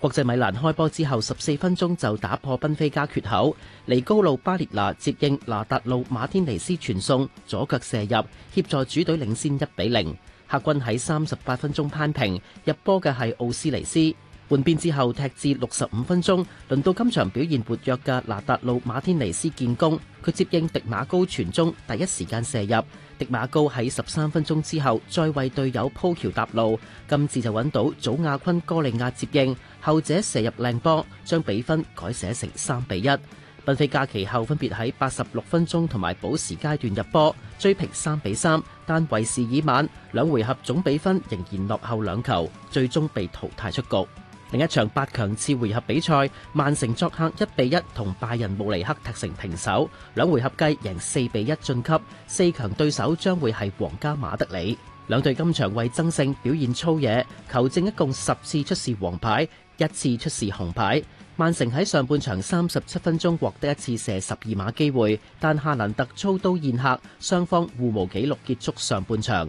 國際米蘭開波之後十四分鐘就打破賓菲加缺口，尼高路巴列拿接應拿達路馬天尼斯傳送，左腳射入，協助主隊領先一比零。客軍喺三十八分鐘攀平，入波嘅係奧斯尼斯。換邊之後，踢至六十五分鐘，輪到今場表現活躍嘅納達魯馬天尼斯建功。佢接應迪馬高傳中，第一時間射入。迪馬高喺十三分鐘之後再為隊友鋪橋搭路，今次就揾到祖亞昆哥利亞接應，後者射入靚波，將比分改寫成三比一。賓菲加其後分別喺八十六分鐘同埋補時階段入波追平三比三，但為時已晚，兩回合總比分仍然落後兩球，最終被淘汰出局。另一場八強次回合比賽，曼城作客一比一同拜仁慕尼黑踢成平手，兩回合計贏四比一晉級。四強對手將會係皇家馬德里，兩隊今場為爭勝表現粗野，球證一共十次出示黃牌，一次出示紅牌。曼城喺上半場三十七分鐘獲得一次射十二碼機會，但夏蘭特操刀宴客，雙方互無紀錄結束上半場。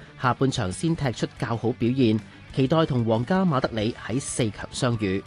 下半場先踢出較好表現，期待同皇家馬德里喺四強相遇。